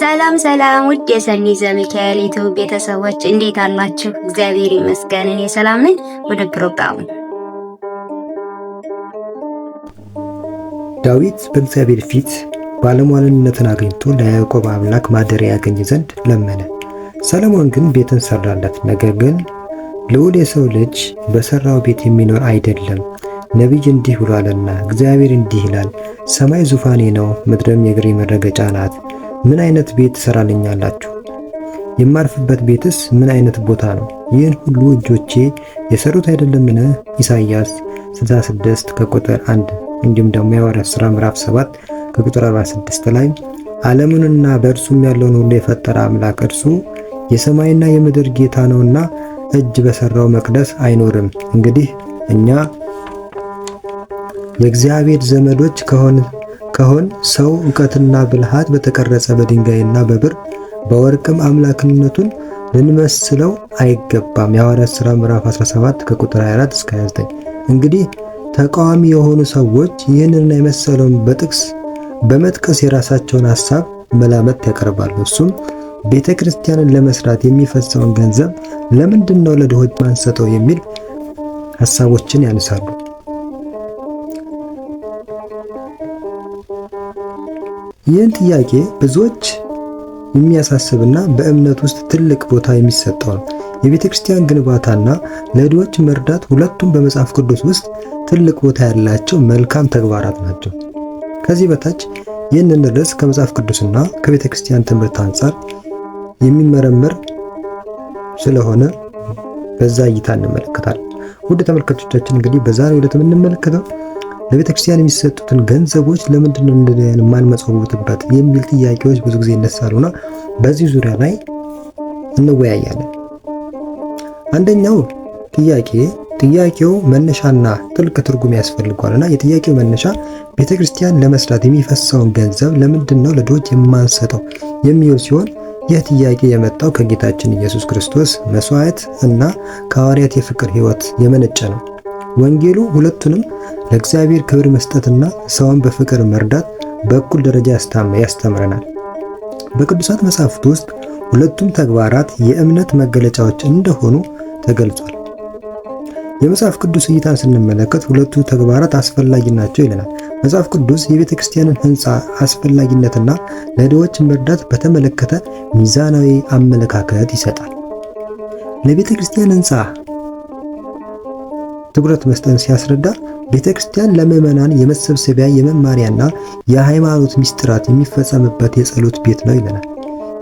ሰላም ሰላም ውድ የሰኒ ዘሚካኤል ዩቲዩብ ቤተሰቦች እንዴት አላችሁ? እግዚአብሔር ይመስገን እኔ ሰላም ነኝ። ወደ ፕሮግራሙ ዳዊት በእግዚአብሔር ፊት ባለሟልነትን አግኝቶ ለያዕቆብ አምላክ ማደሪያ ያገኝ ዘንድ ለመነ። ሰለሞን ግን ቤትን ሰራለት። ነገር ግን ልዑል የሰው ልጅ በሰራው ቤት የሚኖር አይደለም ነቢይ እንዲህ ብሏልና፣ እግዚአብሔር እንዲህ ይላል፣ ሰማይ ዙፋኔ ነው፣ ምድርም የእግሬ መረገጫ ናት ምን አይነት ቤት ትሰራልኛላችሁ? የማርፍበት ቤትስ ምን አይነት ቦታ ነው? ይህን ሁሉ እጆቼ የሰሩት አይደለምን? ኢሳይያስ 66 ከቁጥር 1 እንዲሁም ደግሞ የሐዋርያት ሥራ ምዕራፍ 7 ከቁጥር 46 ላይ ዓለሙንና በእርሱም ያለውን ሁሉ የፈጠረ አምላክ እርሱ የሰማይና የምድር ጌታ ነውና እጅ በሰራው መቅደስ አይኖርም። እንግዲህ እኛ የእግዚአብሔር ዘመዶች ከሆን ከሆን ሰው እውቀትና ብልሃት በተቀረጸ በድንጋይና በብር በወርቅም አምላክነቱን ልንመስለው አይገባም። የሐዋርያት ሥራ ምዕራፍ 17 ከቁጥር 24 እስከ 29። እንግዲህ ተቃዋሚ የሆኑ ሰዎች ይህንንና የመሰለውን በጥቅስ በመጥቀስ የራሳቸውን ሐሳብ መላመት ያቀርባሉ። እሱም ቤተ ክርስቲያንን ለመስራት የሚፈሰውን ገንዘብ ለምንድን ነው ለድሆች ማንሰጠው የሚል ሐሳቦችን ያነሳሉ። ይህን ጥያቄ ብዙዎች የሚያሳስብና በእምነት ውስጥ ትልቅ ቦታ የሚሰጠው ነው። የቤተ ክርስቲያን ግንባታና ለድሆች መርዳት ሁለቱም በመጽሐፍ ቅዱስ ውስጥ ትልቅ ቦታ ያላቸው መልካም ተግባራት ናቸው። ከዚህ በታች ይህንን ርዕስ ከመጽሐፍ ቅዱስና ከቤተ ክርስቲያን ትምህርት አንጻር የሚመረመር ስለሆነ በዛ እይታ እንመለከታለን። ውድ ተመልካቾቻችን እንግዲህ በዛሬው ዕለት የምንመለከተው ለቤተ ክርስቲያን የሚሰጡትን ገንዘቦች ለምንድነው ነው እንደያን የማንመጸውትበት የሚል ጥያቄዎች ብዙ ጊዜ ይነሳሉና በዚህ ዙሪያ ላይ እንወያያለን። አንደኛው ጥያቄ ጥያቄው መነሻና ጥልቅ ትርጉም ያስፈልገዋል የጥያቄው መነሻ ቤተ ክርስቲያን ለመስራት የሚፈሰውን ገንዘብ ለምንድነው ነው ለድሆች የማንሰጠው የሚውል ሲሆን ይህ ጥያቄ የመጣው ከጌታችን ኢየሱስ ክርስቶስ መስዋዕት እና ከሐዋርያት የፍቅር ሕይወት የመነጨ ነው። ወንጌሉ ሁለቱንም ለእግዚአብሔር ክብር መስጠትና ሰውን በፍቅር መርዳት በእኩል ደረጃ ያስተምረናል። በቅዱሳት መጻሕፍት ውስጥ ሁለቱም ተግባራት የእምነት መገለጫዎች እንደሆኑ ተገልጿል። የመጽሐፍ ቅዱስ እይታን ስንመለከት ሁለቱ ተግባራት አስፈላጊ ናቸው ይለናል። መጽሐፍ ቅዱስ የቤተ ክርስቲያንን ሕንፃ አስፈላጊነትና ለድሆች መርዳት በተመለከተ ሚዛናዊ አመለካከት ይሰጣል። ለቤተ ክርስቲያን ሕንፃ ትኩረት መስጠን ሲያስረዳ ቤተ ክርስቲያን ለምዕመናን የመሰብሰቢያ የመማሪያና የሃይማኖት ምስጢራት የሚፈጸምበት የጸሎት ቤት ነው ይለናል።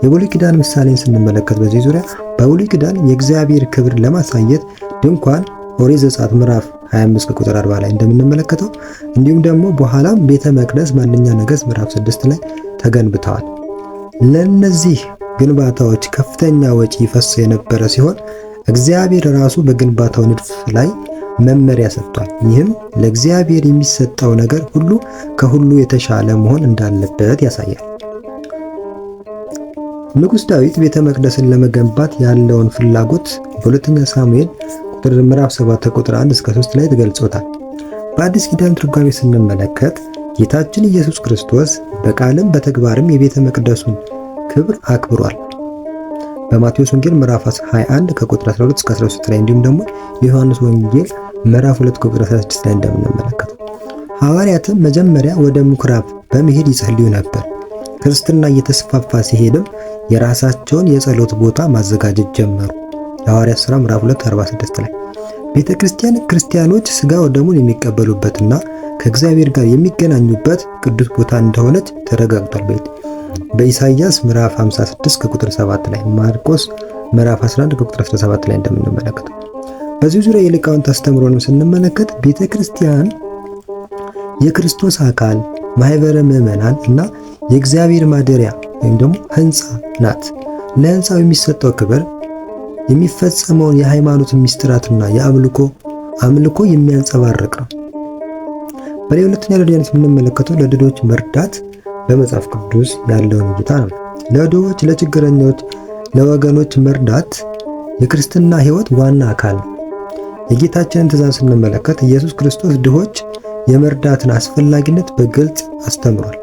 የብሉይ ኪዳን ምሳሌን ስንመለከት በዚህ ዙሪያ በብሉይ ኪዳን የእግዚአብሔር ክብር ለማሳየት ድንኳን ኦሪት ዘጸአት ምዕራፍ 25 ቁጥር 40 ላይ እንደምንመለከተው እንዲሁም ደግሞ በኋላም ቤተ መቅደስ አንደኛ ነገሥት ምዕራፍ 6 ላይ ተገንብተዋል። ለነዚህ ግንባታዎች ከፍተኛ ወጪ ይፈስ የነበረ ሲሆን እግዚአብሔር ራሱ በግንባታው ንድፍ ላይ መመሪያ ሰጥቷል። ይህም ለእግዚአብሔር የሚሰጠው ነገር ሁሉ ከሁሉ የተሻለ መሆን እንዳለበት ያሳያል። ንጉሥ ዳዊት ቤተ መቅደስን ለመገንባት ያለውን ፍላጎት በሁለተኛ ሳሙኤል ቁጥር ምዕራፍ 7 ቁጥር 1 እስከ 3 ላይ ተገልጾታል። በአዲስ ኪዳን ትርጓሜ ስንመለከት ጌታችን ኢየሱስ ክርስቶስ በቃልም በተግባርም የቤተ መቅደሱን ክብር አክብሯል። በማቴዎስ ወንጌል ምዕራፍ 21 ከቁጥር 12 እስከ 13 ላይ እንዲሁም ደግሞ የዮሐንስ ወንጌል ምዕራፍ 2 ቁጥር 16 ላይ እንደምንመለከተው ሐዋርያትም መጀመሪያ ወደ ምኩራብ በመሄድ ይጸልዩ ነበር። ክርስትና እየተስፋፋ ሲሄድም የራሳቸውን የጸሎት ቦታ ማዘጋጀት ጀመሩ። የሐዋርያት ሥራ ምዕራፍ 2 46 ላይ ቤተ ክርስቲያን ክርስቲያኖች ሥጋ ወደሙን የሚቀበሉበትና ከእግዚአብሔር ጋር የሚገናኙበት ቅዱስ ቦታ እንደሆነች ተረጋግጧል። በይት በኢሳይያስ ምዕራፍ 56 ከቁጥር 7 ላይ፣ ማርቆስ ምዕራፍ 11 ከቁጥር 17 ላይ እንደምንመለከተው በዚህ ዙሪያ የሊቃውንት አስተምሮንም ስንመለከት ቤተ ክርስቲያን የክርስቶስ አካል ማህበረ ምዕመናን እና የእግዚአብሔር ማደሪያ ወይም ደግሞ ህንፃ ናት። ለህንፃው የሚሰጠው ክብር የሚፈጸመውን የሃይማኖት ምስጢራትና የአምልኮ አምልኮ የሚያንጸባርቅ ነው። ሁለተኛ ደረጃነት የምንመለከተው ለድሆች መርዳት በመጽሐፍ ቅዱስ ያለውን እይታ ነው። ለድሆች፣ ለችግረኞች፣ ለወገኖች መርዳት የክርስትና ህይወት ዋና አካል ነው። የጌታችንን ትእዛዝ ስንመለከት ኢየሱስ ክርስቶስ ድሆች የመርዳትን አስፈላጊነት በግልጽ አስተምሯል።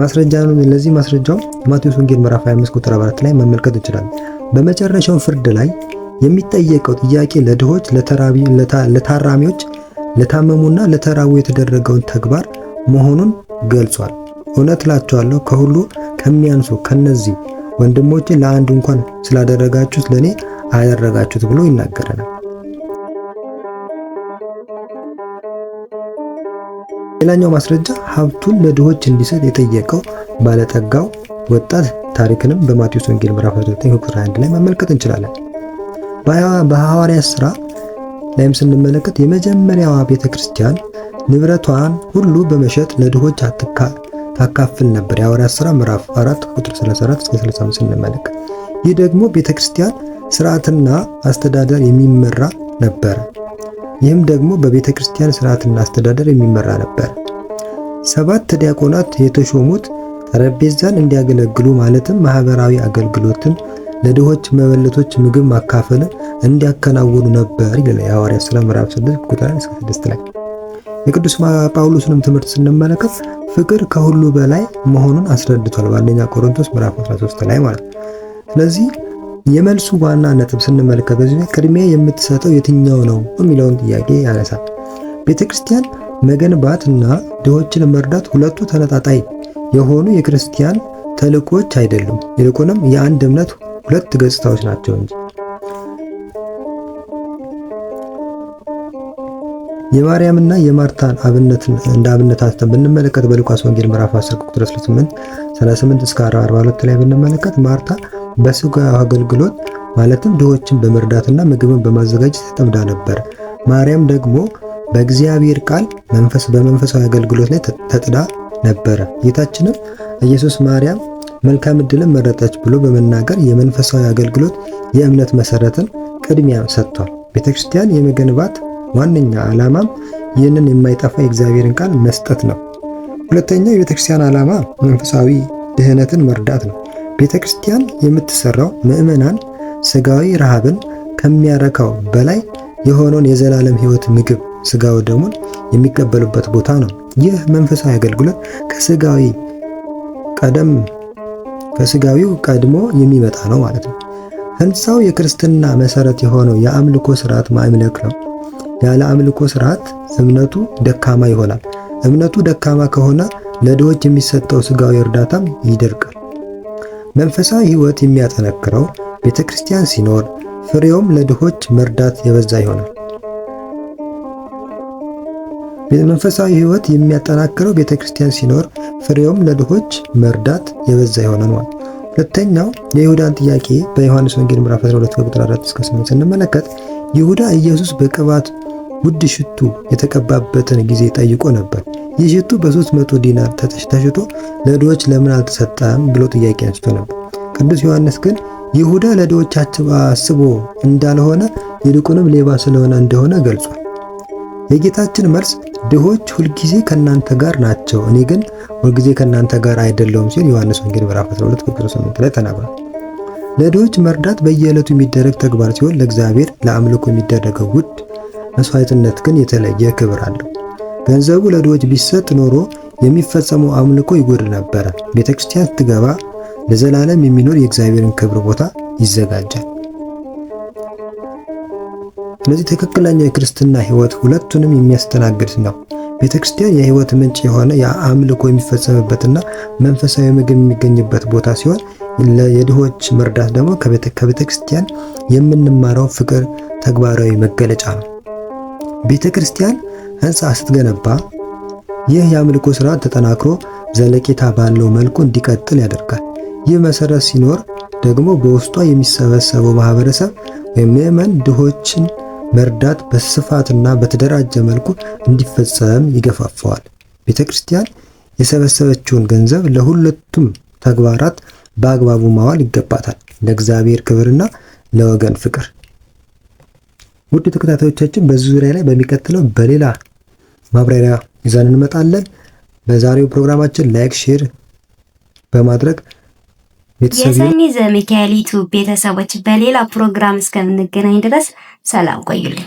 ማስረጃ ለዚህ ማስረጃው ማቴዎስ ወንጌል ምዕራፍ 25 ቁጥር 4 ላይ መመልከት እንችላለን። በመጨረሻው ፍርድ ላይ የሚጠየቀው ጥያቄ ለድሆች፣ ለታራሚዎች፣ ለታመሙና ለተራቡ የተደረገውን ተግባር መሆኑን ገልጿል። እውነት እላችኋለሁ ከሁሉ ከሚያንሱ ከነዚህ ወንድሞች ለአንዱ እንኳን ስላደረጋችሁት ለእኔ አደረጋችሁት ብሎ ይናገረናል። ሌላኛው ማስረጃ ሀብቱን ለድሆች እንዲሰጥ የጠየቀው ባለጠጋው ወጣት ታሪክንም በማቴዎስ ወንጌል ምዕራፍ 19 ቁጥር 21 ላይ መመልከት እንችላለን። በሐዋርያ ሥራ ላይም ስንመለከት የመጀመሪያዋ ቤተ ክርስቲያን ንብረቷን ሁሉ በመሸጥ ለድሆች ታካፍል ነበር። የሐዋርያ ሥራ ምዕራፍ 4 ቁጥር 34 እስከ 35 ስንመለከት ይህ ደግሞ ቤተ ክርስቲያን ስርዓትና አስተዳደር የሚመራ ነበር። ይህም ደግሞ በቤተ ክርስቲያን ስርዓትና አስተዳደር የሚመራ ነበር። ሰባት ዲያቆናት የተሾሙት ጠረጴዛን እንዲያገለግሉ ማለትም ማህበራዊ አገልግሎትን፣ ለድሆች መበለቶች ምግብ ማካፈልን እንዲያከናውኑ ነበር ይላል የሐዋርያት ሥራ ምዕራፍ 6 ቁጥር 6 ላይ። የቅዱስ ጳውሎስንም ትምህርት ስንመለከት ፍቅር ከሁሉ በላይ መሆኑን አስረድቷል በአንደኛ ቆሮንቶስ ምዕራፍ 13 ላይ ማለት ነው። ስለዚህ የመልሱ ዋና ነጥብ ስንመለከት በዚህ ቅድሚያ የምትሰጠው የትኛው ነው የሚለውን ጥያቄ ያነሳል። ቤተ ክርስቲያን መገንባት እና ድሆችን መርዳት ሁለቱ ተነጣጣይ የሆኑ የክርስቲያን ተልእኮች አይደሉም፣ ይልቁንም የአንድ እምነት ሁለት ገጽታዎች ናቸው እንጂ። የማርያምና የማርታን አብነትን እንደ አብነት አንስተን ብንመለከት በሉቃስ ወንጌል ምዕራፍ 10 ቁጥር 38 38 እስከ 42 ላይ ብንመለከት ማርታ በስጋዊ አገልግሎት ማለትም ድሆችን በመርዳትና ምግብን በማዘጋጀት ተጠምዳ ነበር። ማርያም ደግሞ በእግዚአብሔር ቃል መንፈስ በመንፈሳዊ አገልግሎት ላይ ተጥዳ ነበረ። ጌታችንም ኢየሱስ ማርያም መልካም እድልን መረጠች ብሎ በመናገር የመንፈሳዊ አገልግሎት የእምነት መሰረትን ቅድሚያ ሰጥቷል። ቤተ ክርስቲያን የመገንባት ዋነኛ ዓላማም ይህንን የማይጠፋ የእግዚአብሔርን ቃል መስጠት ነው። ሁለተኛው የቤተ ክርስቲያን ዓላማ መንፈሳዊ ድህነትን መርዳት ነው። ቤተ ክርስቲያን የምትሰራው ምእመናን ስጋዊ ረሃብን ከሚያረካው በላይ የሆነውን የዘላለም ህይወት ምግብ ስጋው ደሙን የሚቀበሉበት ቦታ ነው። ይህ መንፈሳዊ አገልግሎት ከስጋዊ ቀደም ከስጋዊው ቀድሞ የሚመጣ ነው ማለት ነው። ህንፃው የክርስትና መሰረት የሆነው የአምልኮ ስርዓት ማምለክ ነው። ያለ አምልኮ ስርዓት እምነቱ ደካማ ይሆናል። እምነቱ ደካማ ከሆነ ለድሆች የሚሰጠው ስጋዊ እርዳታም ይደርቃል። መንፈሳዊ ሕይወት የሚያጠነክረው ቤተ ክርስቲያን ሲኖር፣ ፍሬውም ለድሆች መርዳት የበዛ ይሆናል። መንፈሳዊ ሕይወት የሚያጠናክረው ቤተ ክርስቲያን ሲኖር፣ ፍሬውም ለድሆች መርዳት የበዛ ይሆናል ሁለተኛው የይሁዳን ጥያቄ በዮሐንስ ወንጌል ምዕራፍ 12 ቁጥር 4 እስከ 8 ስንመለከት ይሁዳ ኢየሱስ በቅባት ውድ ሽቱ የተቀባበትን ጊዜ ጠይቆ ነበር። ይህ ሽቱ በሦስት መቶ ዲናር ተሽቶ ለድሆች ለምን አልተሰጠም ብሎ ጥያቄ አንስቶ ነበር። ቅዱስ ዮሐንስ ግን ይሁዳ ለድሆች አስቦ እንዳልሆነ ይልቁንም ሌባ ስለሆነ እንደሆነ ገልጿል። የጌታችን መልስ ድሆች ሁልጊዜ ከእናንተ ጋር ናቸው፣ እኔ ግን ሁልጊዜ ከእናንተ ጋር አይደለውም ሲል ዮሐንስ ወንጌል ምዕራፍ 12 ቁጥር 8 ላይ ተናግሯል። ለድሆች መርዳት በየዕለቱ የሚደረግ ተግባር ሲሆን ለእግዚአብሔር ለአምልኮ የሚደረገው ውድ መስዋዕትነት ግን የተለየ ክብር አለው። ገንዘቡ ለድሆች ቢሰጥ ኖሮ የሚፈጸመው አምልኮ ይጎድ ነበረ። ቤተ ክርስቲያን ስትገባ ለዘላለም የሚኖር የእግዚአብሔርን ክብር ቦታ ይዘጋጃል። ስለዚህ ትክክለኛ የክርስትና ሕይወት ሁለቱንም የሚያስተናግድ ነው። ቤተ ክርስቲያን የሕይወት ምንጭ የሆነ የአምልኮ የሚፈጸምበትና መንፈሳዊ ምግብ የሚገኝበት ቦታ ሲሆን የድሆች መርዳት ደግሞ ከቤተ ክርስቲያን የምንማረው ፍቅር ተግባራዊ መገለጫ ነው። ቤተ ክርስቲያን ህንፃ ስትገነባ ይህ የአምልኮ ስርዓት ተጠናክሮ ዘለቄታ ባለው መልኩ እንዲቀጥል ያደርጋል። ይህ መሰረት ሲኖር ደግሞ በውስጧ የሚሰበሰበው ማህበረሰብ ወይም ምዕመን ድሆችን መርዳት በስፋትና በተደራጀ መልኩ እንዲፈጸም ይገፋፈዋል። ቤተ ክርስቲያን የሰበሰበችውን ገንዘብ ለሁለቱም ተግባራት በአግባቡ ማዋል ይገባታል፣ ለእግዚአብሔር ክብርና ለወገን ፍቅር። ውድ ተከታታዮቻችን በዚህ ዙሪያ ላይ በሚቀጥለው በሌላ ማብራሪያ ይዘን እንመጣለን። በዛሬው ፕሮግራማችን ላይክ፣ ሼር በማድረግ የሰኒ ዘሚካኤል ዩቱብ ቤተሰቦች በሌላ ፕሮግራም እስከምንገናኝ ድረስ ሰላም ቆዩልኝ።